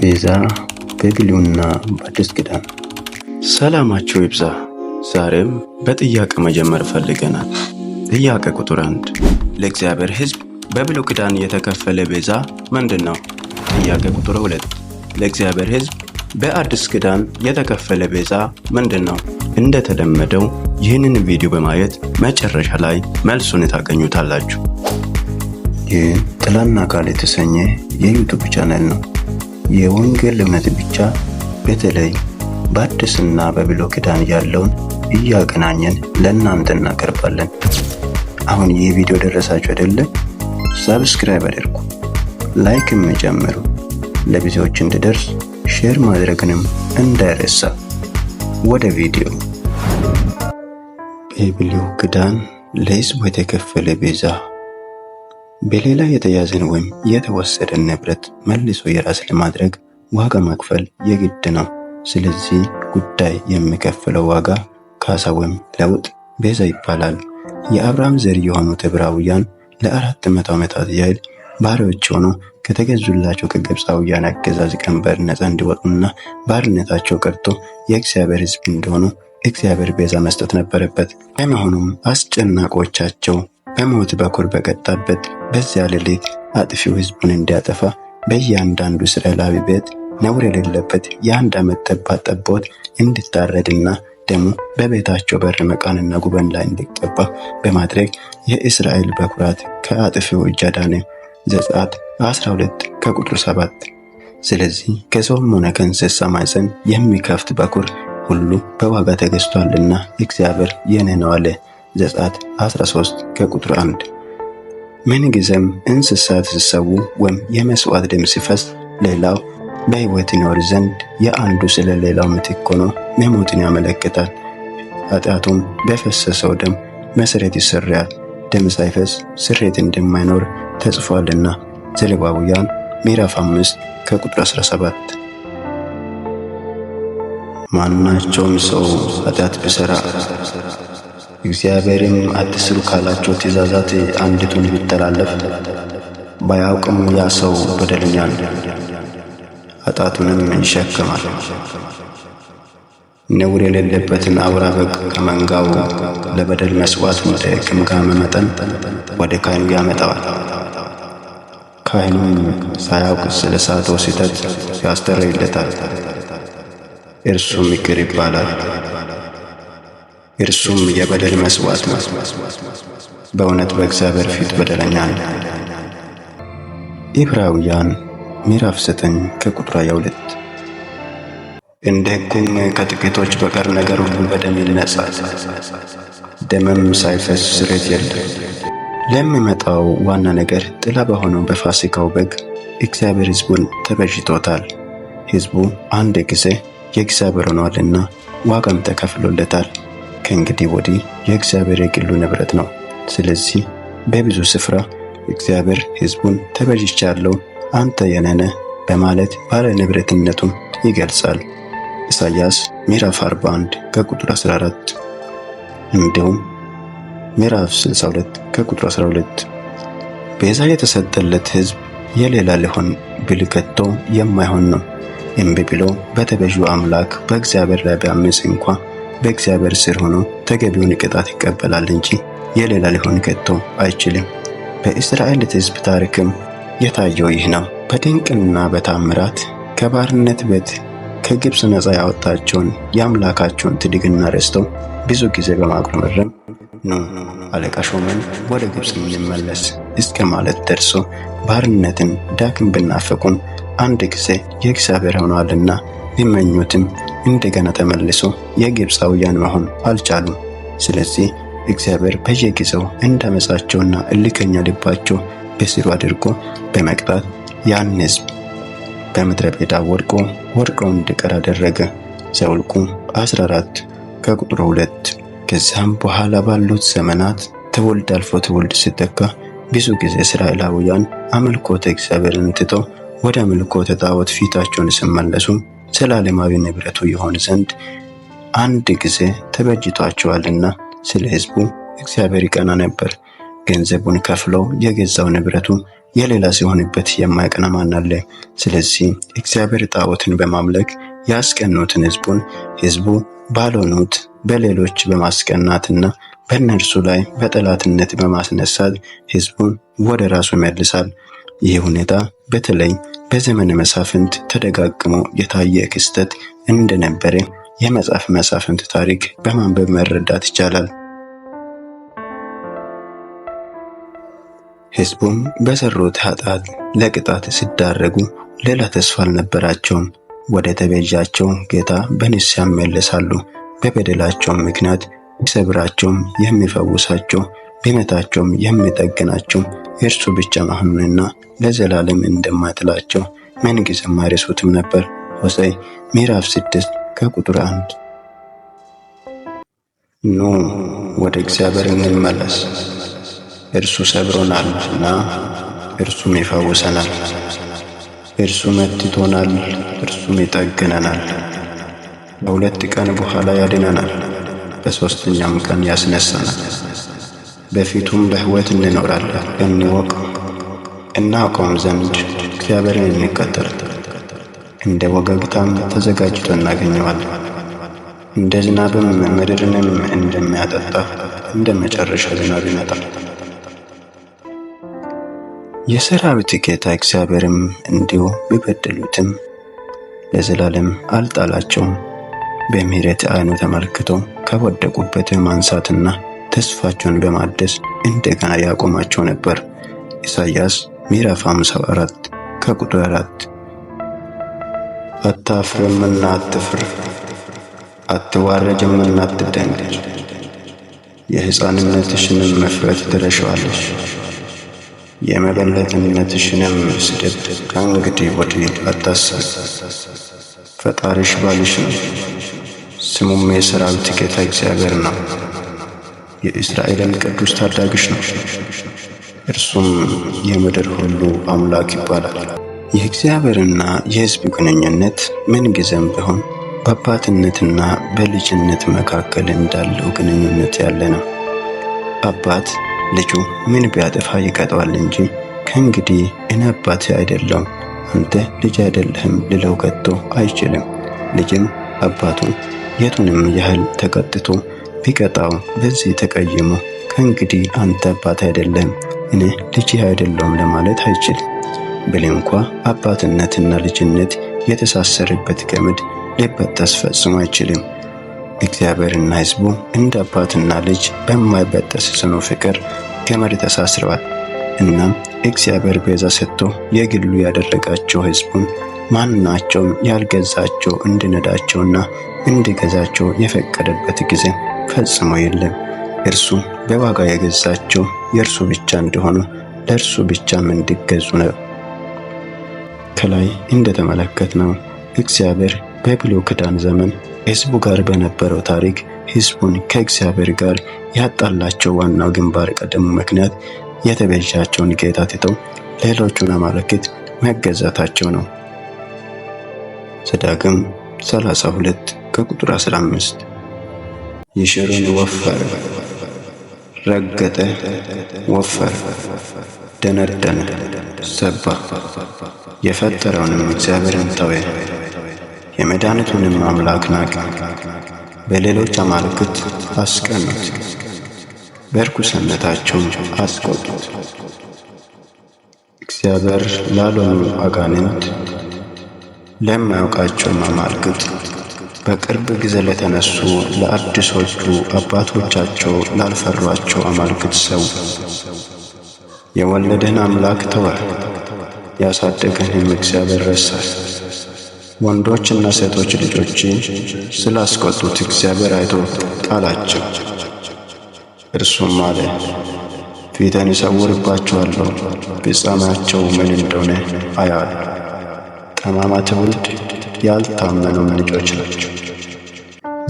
ቤዛ በብሉይና በአዲስ ኪዳን ሰላማቸው ይብዛ። ዛሬም በጥያቄ መጀመር ፈልገናል። ጥያቄ ቁጥር አንድ ለእግዚአብሔር ሕዝብ በብሉይ ኪዳን የተከፈለ ቤዛ ምንድን ነው? ጥያቄ ቁጥር ሁለት ለእግዚአብሔር ሕዝብ በአዲስ ኪዳን የተከፈለ ቤዛ ምንድን ነው? እንደተለመደው ይህንን ቪዲዮ በማየት መጨረሻ ላይ መልሱን ታገኙታላችሁ። ይህ ጥላና ቃል የተሰኘ የዩቱብ ቻናል ነው። የወንጌል እምነት ብቻ በተለይ በአዲስና በብሉይ ኪዳን ያለውን እያገናኘን ለእናንተ እናቀርባለን። አሁን ይህ ቪዲዮ ደረሳችሁ አይደለ? ሳብስክራይብ አድርጉ፣ ላይክም ጨምሩ፣ ለብዙዎች እንድደርስ ሼር ማድረግንም እንዳይረሳ። ወደ ቪዲዮ። በብሉይ ኪዳን ለሕዝቡ የተከፈለ ቤዛ በሌላ የተያዘን ወይም የተወሰደን ንብረት መልሶ የራስ ለማድረግ ዋጋ መክፈል የግድ ነው። ስለዚህ ጉዳይ የሚከፍለው ዋጋ ካሳ ወይም ለውጥ ቤዛ ይባላል። የአብርሃም ዘር የሆኑት ዕብራውያን ለአራት መቶ ዓመታት ያህል ባሪያዎች ሆኖ ከተገዙላቸው ከግብፃውያን አገዛዝ ቀንበር ነፃ እንዲወጡና ባርነታቸው ቀርቶ የእግዚአብሔር ሕዝብ እንደሆኑ እግዚአብሔር ቤዛ መስጠት ነበረበት። ከመሆኑም አስጨናቆቻቸው በሞት በኩር በቀጣበት በዚያ ሌሊት አጥፊው ህዝቡን እንዲያጠፋ በእያንዳንዱ እስራኤላዊ ቤት ነውር የሌለበት የአንድ ዓመት ጠባት ጠቦት እንድታረድና ደሙ በቤታቸው በር መቃንና ጉበን ላይ እንዲቀባ በማድረግ የእስራኤል በኩራት ከአጥፊው እጅ አዳነ። ዘጸአት 12 ከቁጥር 7። ስለዚህ ከሰውም ሆነ ከእንስሳ ማኅፀን የሚከፍት በኩር ሁሉ በዋጋ ተገዝቷልና እግዚአብሔር የኔ ነው አለ። ዘጸአት 13 ከቁጥር 1። ምንጊዜም እንስሳት ሲሰዉ ወይም የመስዋዕት ደም ሲፈስ ሌላው በሕይወት ይኖር ዘንድ የአንዱ ስለ ሌላው ምትክ ሆኖ መሞትን ያመለክታል። ኃጢአቱም በፈሰሰው ደም መሠረት ይሰራል። ደም ሳይፈስ ስርየት እንደማይኖር ተጽፏልና ዘሌዋውያን ምዕራፍ 5 ከቁጥር 17። ማናቸውም ሰው ኃጢአት ቢሠራ እግዚአብሔርም አትስሩ ካላቸው ትእዛዛት አንዲቱን ቢተላለፍ ባያውቅም ያ ሰው በደለኛ ኃጢአቱንም ይሸከማል። ነውር የሌለበትን አውራ በግ ከመንጋው ለበደል መስዋዕት እንደ ግምጋመ መጠን ወደ ካህኑ ያመጣዋል። ካህኑም ሳያውቅ ስለ ሳተው ስህተት ያስተረይለታል። እርሱም ይቅር ይባላል። እርሱም የበደል መስዋዕት ነው። በእውነት በእግዚአብሔር ፊት በደለኛ ነው። ዕብራውያን ምዕራፍ 9 ከቁጥር 22 እንደ ሕጉም ከጥቂቶች በቀር ነገር ሁሉ በደም ይነጻል፣ ደምም ሳይፈስ ስርየት የለም። ለሚመጣው ዋና ነገር ጥላ በሆነው በፋሲካው በግ እግዚአብሔር ሕዝቡን ተበጅቶታል። ሕዝቡ አንድ ጊዜ የእግዚአብሔር ሆኗልና ዋጋም ተከፍሎለታል። ከእንግዲህ ወዲህ የእግዚአብሔር የግሉ ንብረት ነው። ስለዚህ በብዙ ስፍራ እግዚአብሔር ሕዝቡን ተበጅቻለሁ አንተ የነነ በማለት ባለ ንብረትነቱን ይገልጻል። ኢሳይያስ ምዕራፍ 41 ከቁጥር 14 እንዲሁም ምዕራፍ 62 ከቁጥር 12 ቤዛ የተሰጠለት ሕዝብ የሌላ ሊሆን ብል ከቶ የማይሆን ነው። እምቢ ብሎ በተቤዡ አምላክ በእግዚአብሔር ላይ ቢያምፅ እንኳ በእግዚአብሔር ስር ሆኖ ተገቢውን ቅጣት ይቀበላል እንጂ የሌላ ሊሆን ከቶ አይችልም። በእስራኤል ሕዝብ ታሪክም የታየው ይህ ነው። በድንቅና በታምራት ከባርነት ቤት ከግብፅ ነፃ ያወጣቸውን የአምላካቸውን ትድግና ረስተው ብዙ ጊዜ በማጉረምረም ኑ አለቃ ሾመን ወደ ግብፅ እንመለስ እስከ ማለት ደርሶ ባርነትን ዳግም ብናፈቁም አንድ ጊዜ የእግዚአብሔር ሆኗልና ይመኙትም እንደገና ተመልሶ የግብፃውያን መሆን አልቻሉም። ስለዚህ እግዚአብሔር በየጊዜው እንዳመፃቸውና እልከኛ ልባቸው በስሩ አድርጎ በመቅጣት ያን ህዝብ በምድረ በዳ ወድቆ ወድቀው እንዲቀር አደረገ። ዘውልቁ 14 ከቁጥር 2። ከዚያም በኋላ ባሉት ዘመናት ትውልድ አልፎ ትውልድ ሲተካ ብዙ ጊዜ እስራኤላውያን አምልኮተ እግዚአብሔርን ትተው ወደ አምልኮተ ጣዖት ፊታቸውን ስመለሱም ዘላለማዊ ንብረቱ የሆን ዘንድ አንድ ጊዜ ተበጅቷቸዋልና ስለ ሕዝቡ እግዚአብሔር ይቀና ነበር። ገንዘቡን ከፍለው የገዛው ንብረቱ የሌላ ሲሆንበት የማይቀና ማን አለ? ስለዚህ እግዚአብሔር ጣዖትን በማምለክ ያስቀኑትን ሕዝቡን ሕዝቡ ባልሆኑት በሌሎች በማስቀናትና በእነርሱ ላይ በጠላትነት በማስነሳት ሕዝቡን ወደ ራሱ ይመልሳል። ይህ ሁኔታ በተለይ በዘመነ መሳፍንት ተደጋግሞ የታየ ክስተት እንደነበረ የመጽሐፍ መሳፍንት ታሪክ በማንበብ መረዳት ይቻላል። ሕዝቡም በሰሩት ኃጢአት ለቅጣት ሲዳረጉ ሌላ ተስፋ አልነበራቸውም። ወደ ተቤዣቸው ጌታ በንስሐ ይመለሳሉ። በበደላቸው ምክንያት ሲሰብራቸውም የሚፈውሳቸው ሊመታቸውም የሚጠግናቸው እርሱ ብቻ መሆኑንና ለዘላለም እንደማይጥላቸው ምንጊዜም አይረሱትም ነበር። ሆሴዕ ምዕራፍ ስድስት ከቁጥር አንድ ኑ ወደ እግዚአብሔር እንመለስ፣ እርሱ ሰብሮናልና እርሱም ይፈውሰናል፣ እርሱ መትቶናል፣ እርሱም ይጠግነናል፣ በሁለት ቀን በኋላ ያድነናል፣ በሦስተኛም ቀን ያስነሳናል። በፊቱም በሕይወት እንኖራለን እንወቅ እናውቀውም ዘንድ እግዚአብሔርን እንቀጠር። እንደ ወገግታም ተዘጋጅቶ እናገኘዋለን። እንደ ዝናብም ምድርንም እንደሚያጠጣ እንደ መጨረሻ ዝናብ ይመጣል። የሰራዊት ጌታ እግዚአብሔርም እንዲሁ ቢበደሉትም ለዘላለም አልጣላቸውም። በምሕረት ዓይኑ ተመልክቶ ከወደቁበት ማንሳትና ተስፋቸውን በማደስ እንደገና ያቆማቸው ነበር። ኢሳይያስ ምዕራፍ 54 ከቁጥር 4 አታፍርምና አትፍር፣ አትዋረጅምና አትደንግጥ፣ የሕፃንነትሽንም መፍረት ትረሻዋለሽ፣ የመበለትነትሽንም ስድብ ከእንግዲህ ወዲህ አታስብ። ፈጣሪሽ ባልሽ ነው፣ ስሙም የሰራዊት ጌታ እግዚአብሔር ነው። የእስራኤልን ቅዱስ ታዳጊሽ ነው። እርሱም የምድር ሁሉ አምላክ ይባላል። የእግዚአብሔርና የሕዝብ ግንኙነት ምንጊዜም ቢሆን በአባትነትና በልጅነት መካከል እንዳለው ግንኙነት ያለ ነው። አባት ልጁ ምን ቢያጠፋ ይቀጠዋል እንጂ ከእንግዲህ እኔ አባቴ አይደለሁም አንተ ልጅ አይደለህም ልለው ከቶ አይችልም። ልጅም አባቱን የቱንም ያህል ተቀጥቶ ቢቀጣው በዚህ ተቀይሞ ከእንግዲህ አንተ አባት አይደለም እኔ ልጅ አይደለሁም ለማለት አይችልም ብል እንኳ አባትነትና ልጅነት የተሳሰረበት ገመድ ሊበጠስ ፈጽሞ አይችልም። እግዚአብሔርና ሕዝቡ እንደ አባትና ልጅ በማይበጠስ ጽኑ ፍቅር ገመድ ተሳስረዋል። እናም እግዚአብሔር ቤዛ ሰጥቶ የግሉ ያደረጋቸው ሕዝቡን ማናቸውም ያልገዛቸው እንድነዳቸውና እንዲገዛቸው የፈቀደበት ጊዜ ፈጽሞ የለም። እርሱ በዋጋ የገዛቸው የእርሱ ብቻ እንደሆኑ ለእርሱ ብቻም እንዲገዙ ነው። ከላይ እንደተመለከትነው እግዚአብሔር በብሉይ ኪዳን ዘመን ሕዝቡ ጋር በነበረው ታሪክ ሕዝቡን ከእግዚአብሔር ጋር ያጣላቸው ዋናው ግንባር ቀደሙ ምክንያት የተቤዣቸውን ጌታ ትተው ሌሎቹን አማልክት መገዛታቸው ነው። ዘዳግም 32 ከቁጥር 15 ይሽርን ወፈር ረገጠ፣ ወፈረ፣ ደነደነ፣ ሰባ፣ የፈጠረውንም እግዚአብሔርን ተወ፣ የመድኃኒቱንም አምላክ ናቀ፣ በሌሎች አማልክት አስቀኑት፣ በርኩስነታቸውም አስቆጡት። እግዚአብሔር ላልሆኑ አጋንንት ለማያውቃቸውም አማልክት በቅርብ ጊዜ ለተነሱ ለአዲሶቹ አባቶቻቸው ላልፈሯቸው አማልክት ሰው የወለደን አምላክ ተወ፣ ያሳደገንም እግዚአብሔር ረሳል። ወንዶችና ሴቶች ልጆች ስላስቆጡት እግዚአብሔር አይቶ ጣላቸው። እርሱም አለ ፊትን እሰውርባቸዋለሁ፣ ፍጻሜያቸው ምን እንደሆነ አያል። ጠማማ ትውልድ ያልታመኑ ምንጮች ናቸው።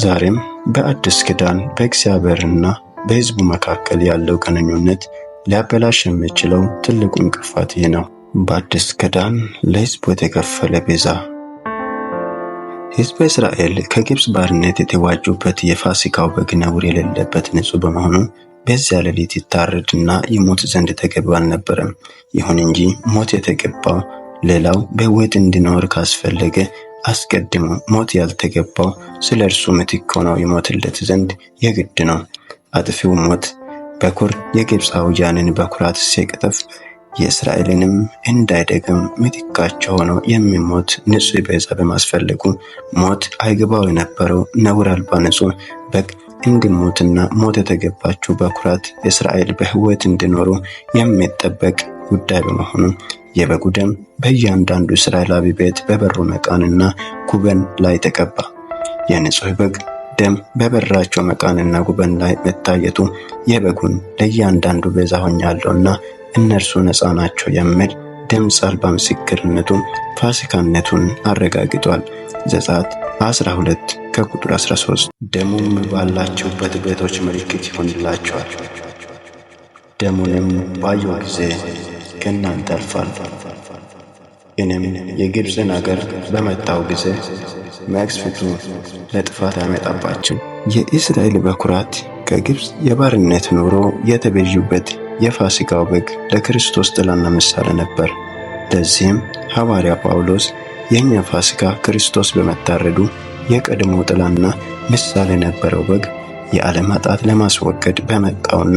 ዛሬም በአዲስ ኪዳን በእግዚአብሔርና በሕዝቡ መካከል ያለው ግንኙነት ሊያበላሽ የሚችለው ትልቁ እንቅፋት ይህ ነው። በአዲስ ኪዳን ለሕዝቡ የተከፈለ ቤዛ። ሕዝበ እስራኤል ከግብፅ ባርነት የተዋጁበት የፋሲካው በግ ነውር የሌለበት ንጹሕ በመሆኑ በዚያ ሌሊት ይታረድና ይሞት ዘንድ ተገባ አልነበረም። ይሁን እንጂ ሞት የተገባው ሌላው በሕይወት እንዲኖር ካስፈለገ አስቀድሞ ሞት ያልተገባው ስለ እርሱ ምትክ ሆነው ይሞትለት ዘንድ የግድ ነው። አጥፊው ሞት በኩር የግብፃውያንን በኩራት ሲቅጥፍ የእስራኤልንም እንዳይደግም ምትካቸው ሆኖ የሚሞት ንጹህ ቤዛ በማስፈለጉ ሞት አይግባው የነበረው ነውር አልባ ንጹሕ በግ እንዲሞትና ሞት የተገባችው በኩራት እስራኤል በህይወት እንዲኖሩ የሚጠበቅ ጉዳይ በመሆኑ የበጉ ደም በእያንዳንዱ እስራኤላዊ ቤት በበሩ መቃንና ጉበን ላይ ተቀባ። የንጹህ በግ ደም በበራቸው መቃንና ጉበን ላይ መታየቱ የበጉን ለእያንዳንዱ ቤዛ ሆኛለሁና እነርሱ ነፃ ናቸው የሚል ድምፅ አልባ ምስክርነቱን ፋሲካነቱን አረጋግጧል። ዘጸአት 12 ከቁጥር 13። ደሙም ባላችሁበት ቤቶች ምልክት ይሆንላቸዋል። ደሙንም ባየው ጊዜ ከእናንተ አልፋል። እኔም የግብፅን አገር በመጣው ጊዜ መቅሰፍቱ ለጥፋት ያመጣባችሁ የእስራኤል በኩራት ከግብፅ የባርነት ኑሮ የተቤዡበት የፋሲካው በግ ለክርስቶስ ጥላና ምሳሌ ነበር። ለዚህም ሐዋርያ ጳውሎስ የእኛ ፋሲካ ክርስቶስ በመታረዱ የቀድሞ ጥላና ምሳሌ ነበረው በግ የዓለም ኃጢአት ለማስወገድ በመጣውና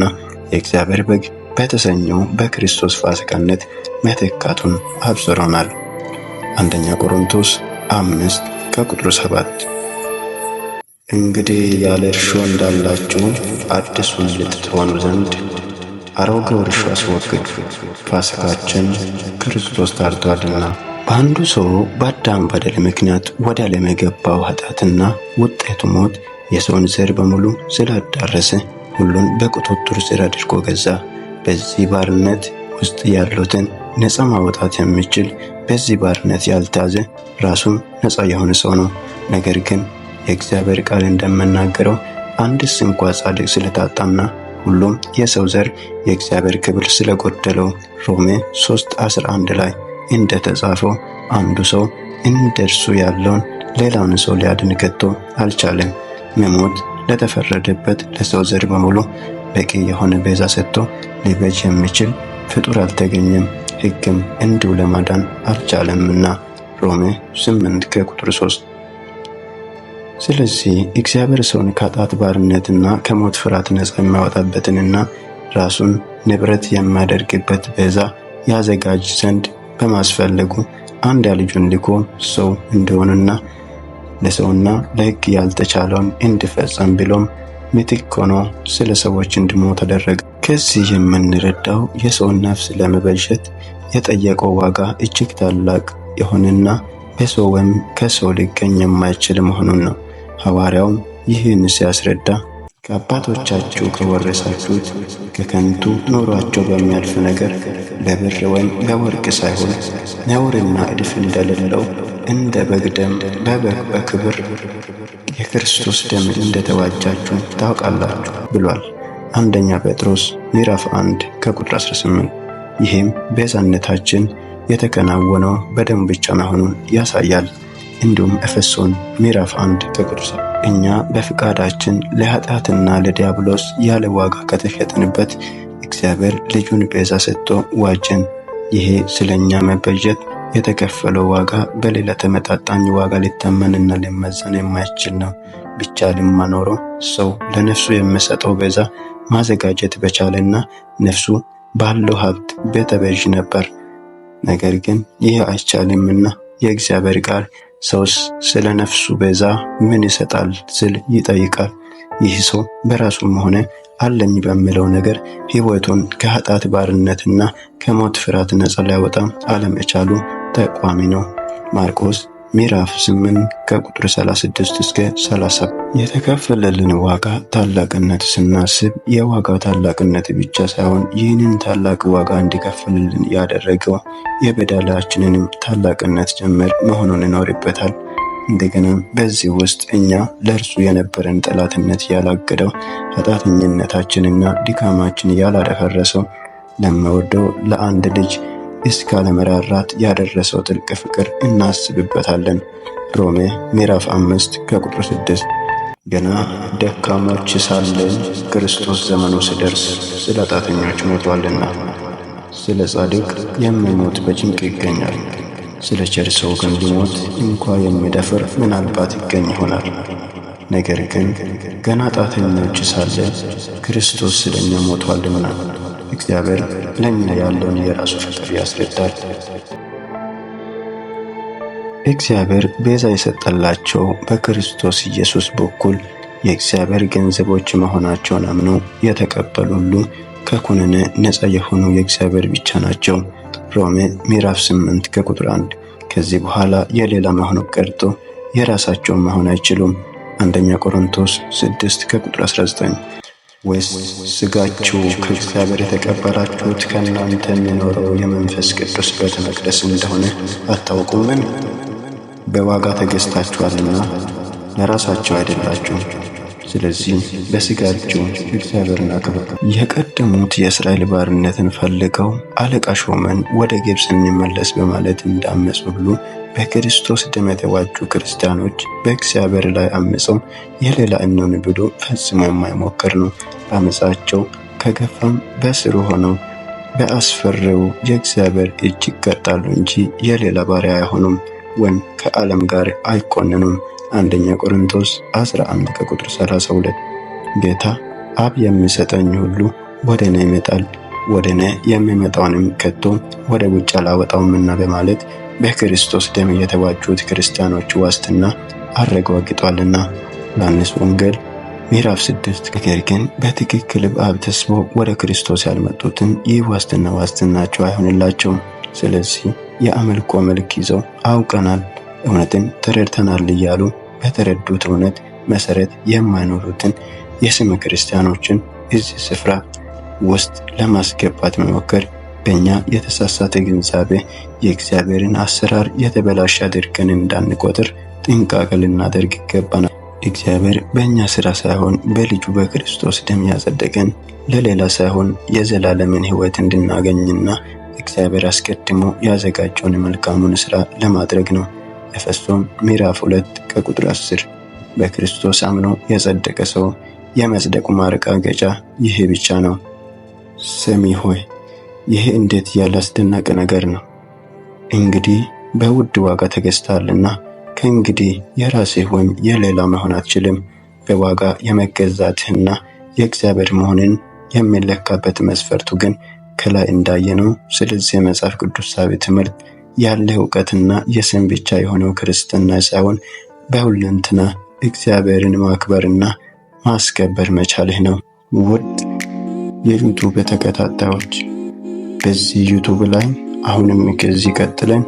የእግዚአብሔር በግ በተሰኘው በክርስቶስ ፋሲካነት መተካቱን አብስሮናል። አንደኛ ቆሮንቶስ አምስት ከቁጥር ሰባት እንግዲህ ያለ እርሾ እንዳላችሁ አዲሱን ልትሆኑ ዘንድ አሮጌውን እርሾ አስወግድ፣ ፋሲካችን ክርስቶስ ታርቷልና በአንዱ ሰው በአዳም በደል ምክንያት ወደ ዓለም የገባው ኃጢአትና ውጤቱ ሞት የሰውን ዘር በሙሉ ስላዳረሰ ሁሉን በቁጥጥር ስር አድርጎ ገዛ። በዚህ ባርነት ውስጥ ያሉትን ነፃ ማውጣት የሚችል በዚህ ባርነት ያልታዘ ራሱም ነፃ የሆነ ሰው ነው። ነገር ግን የእግዚአብሔር ቃል እንደምናገረው አንድስ እንኳ ጻድቅ ስለታጣና ሁሉም የሰው ዘር የእግዚአብሔር ክብር ስለጎደለው ሮሜ 11 ላይ እንደተጻፈው አንዱ ሰው እንደርሱ ያለውን ሌላውን ሰው ሊያድን ከቶ አልቻለም። መሞት ለተፈረደበት ለሰው ዘር በሙሉ በቂ የሆነ ቤዛ ሰጥቶ ሊበጅ የሚችል ፍጡር አልተገኘም፣ ሕግም እንዲሁ ለማዳን አልቻለምና ሮሜ 8 ከቁጥር 3። ስለዚህ እግዚአብሔር ሰውን ከኃጢአት ባርነትና ከሞት ፍርሃት ነፃ የማያወጣበትንና ራሱን ንብረት የሚያደርግበት ቤዛ ያዘጋጅ ዘንድ በማስፈለጉ አንድ ልጁን ልኮ ሰው እንደሆነና ለሰውና ለሕግ ያልተቻለውን እንዲፈጸም ብሎም ምትክ ሆኖ ስለ ሰዎች እንዲሞት ተደረገ። ከዚህ የምንረዳው የሰውን ነፍስ ለመበጀት የጠየቀው ዋጋ እጅግ ታላቅ የሆነና በሰው ወይም ከሰው ሊገኝ የማይችል መሆኑን ነው። ሐዋርያውም ይህን ሲያስረዳ ከአባቶቻችሁ ከወረሳችሁት ከከንቱ ኑሯቸው በሚያልፍ ነገር በብር ወይም በወርቅ ሳይሆን ነውርና እድፍ እንደሌለው እንደ በግ ደም በበግ በክብር የክርስቶስ ደም እንደተዋጃችሁ ታውቃላችሁ ብሏል። አንደኛ ጴጥሮስ ምዕራፍ 1 ከቁጥር 18። ይህም ቤዛነታችን የተከናወነው በደም ብቻ መሆኑን ያሳያል። እንዲሁም ኤፌሶን ምዕራፍ 1 ከቁጥር እኛ በፍቃዳችን ለኃጢአትና ለዲያብሎስ ያለ ዋጋ ከተሸጥንበት እግዚአብሔር ልጁን ቤዛ ሰጥቶ ዋጀን። ይሄ ስለኛ መበጀት የተከፈለው ዋጋ በሌላ ተመጣጣኝ ዋጋ ሊተመንና ሊመዘን የማይችል ነው። ብቻ ልማኖረው ሰው ለነፍሱ የሚሰጠው በዛ ማዘጋጀት በቻለና ነፍሱ ባለው ሀብት ቤተበዥ ነበር። ነገር ግን ይህ አይቻልምና የእግዚአብሔር ቃል ሰውስ ስለ ነፍሱ በዛ ምን ይሰጣል ስል ይጠይቃል። ይህ ሰው በራሱም ሆነ አለኝ በሚለው ነገር ህይወቱን ከኃጢአት ባርነትና ከሞት ፍርሃት ነፃ ሊያወጣ አለመቻሉ ጠቋሚ ነው። ማርቆስ ምዕራፍ 8 ከቁጥር 36 እስከ 30። የተከፈለልን ዋጋ ታላቅነት ስናስብ የዋጋው ታላቅነት ብቻ ሳይሆን ይህንን ታላቅ ዋጋ እንዲከፍልልን ያደረገው የበደላችንንም ታላቅነት ጭምር መሆኑን ይኖርበታል። እንደገና በዚህ ውስጥ እኛ ለእርሱ የነበረን ጠላትነት ያላገደው ኃጢአተኝነታችንና ድካማችን ያላደፈረሰው ለመወደው ለአንድ ልጅ መራራት ያደረሰው ጥልቅ ፍቅር እናስብበታለን። ሮሜ ምዕራፍ አምስት ከቁጥር ስድስት ገና ደካሞች ሳለን ክርስቶስ ዘመኑ ሲደርስ ስለ ኃጢአተኞች ሞቷልና፣ ስለ ጻድቅ የሚሞት በጭንቅ ይገኛል። ስለ ቸር ሰው ግን ሊሞት እንኳ የሚደፍር ምናልባት ይገኝ ይሆናል። ነገር ግን ገና ኃጢአተኞች ሳለን ክርስቶስ ስለኛ ሞቷልና እግዚአብሔር ለእኛ ያለውን የራሱ ፍቅር ያስረዳል። እግዚአብሔር ቤዛ የሰጠላቸው በክርስቶስ ኢየሱስ በኩል የእግዚአብሔር ገንዘቦች መሆናቸውን አምነው የተቀበሉ ሁሉ ከኩነኔ ነፃ የሆኑ የእግዚአብሔር ብቻ ናቸው። ሮሜ ምዕራፍ 8 ከቁጥር 1። ከዚህ በኋላ የሌላ መሆኑ ቀርቶ የራሳቸውን መሆን አይችሉም። አንደኛ ቆሮንቶስ 6 ከቁጥር 19 ወይስ ስጋችሁ ከእግዚአብሔር የተቀበላችሁት ከእናንተ የሚኖረው የመንፈስ ቅዱስ ቤተ መቅደስ እንደሆነ አታውቁምን? በዋጋ ተገዝታችኋልና ለራሳችሁ አይደላችሁም። ስለዚህ በስጋችሁ እግዚአብሔርን አክብሩ። የቀደሙት የእስራኤል ባርነትን ፈልገው አለቃ ሾመን ወደ ግብፅ እንመለስ በማለት እንዳመፁ ሁሉ በክርስቶስ ደም የተዋጁ ክርስቲያኖች በእግዚአብሔር ላይ አምፀው የሌላ እነውን ብሎ ፈጽሞ የማይሞክር ነው። በአመፃቸው ከገፋም በስሩ ሆነው በአስፈሪው የእግዚአብሔር እጅ ይቀጣሉ እንጂ የሌላ ባሪያ አይሆኑም ወይም ከዓለም ጋር አይኮንኑም። አንደኛ ቆሮንቶስ 11 ከቁጥር 32 ጌታ አብ የሚሰጠኝ ሁሉ ወደ እኔ ይመጣል ወደ እኔ የሚመጣውንም ከቶ ወደ ውጭ አላወጣውምና በማለት በክርስቶስ ደም የተዋጁት ክርስቲያኖች ዋስትና አረጋግጧልና። ዮሐንስ ወንጌል ምዕራፍ 6። ነገር ግን በትክክል በአብ ተስቦ ወደ ክርስቶስ ያልመጡትን ይህ ዋስትና ዋስትናቸው አይሆንላቸውም። ስለዚህ የአምልኮ መልክ ይዘው አውቀናል፣ እውነትን ተረድተናል እያሉ በተረዱት እውነት መሰረት የማይኖሩትን የስም ክርስቲያኖችን እዚህ ስፍራ ውስጥ ለማስገባት መሞከር በእኛ የተሳሳተ ግንዛቤ የእግዚአብሔርን አሰራር የተበላሸ አድርገን እንዳንቆጥር ጥንቃቄ ልናደርግ ይገባናል። እግዚአብሔር በእኛ ሥራ ሳይሆን በልጁ በክርስቶስ ደም ያጸደቀን ለሌላ ሳይሆን የዘላለምን ሕይወት እንድናገኝና እግዚአብሔር አስቀድሞ ያዘጋጀውን መልካሙን ሥራ ለማድረግ ነው። ኤፌሶን ምዕራፍ 2 ከቁጥር 10። በክርስቶስ አምኖ የጸደቀ ሰው የመጽደቁ ማረጋገጫ ይህ ብቻ ነው። ሰሚ ሆይ ይህ እንዴት ያለ አስደናቂ ነገር ነው! እንግዲህ በውድ ዋጋ ተገዝታልና ከእንግዲህ የራስህ ወይም የሌላ መሆን አትችልም። በዋጋ የመገዛትህና የእግዚአብሔር መሆንን የሚለካበት መስፈርቱ ግን ከላይ እንዳየነው። ስለዚህ የመጽሐፍ ሳቢ ትምህርት ያለ እውቀትና የስም ብቻ የሆነው ክርስትና ሳይሆን በሁለንትና እግዚአብሔርን ማክበርና ማስከበር መቻልህ ነው። ውድ የዩቱብ ተከታታዮች በዚህ ዩቱብ ላይ አሁንም ከዚህ ቀጥለን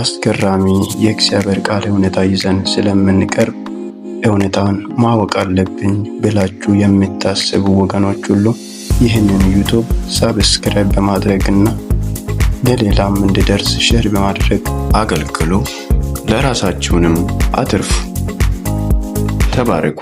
አስገራሚ የእግዚአብሔር ቃል እውነታ ይዘን ስለምንቀርብ እውነታን ማወቅ አለብኝ ብላችሁ የምታስቡ ወገኖች ሁሉ ይህንን ዩቱብ ሳብስክራይብ በማድረግና ለሌላም እንድደርስ ሼር በማድረግ አገልግሎ ለራሳችሁንም አትርፉ። ተባረኩ።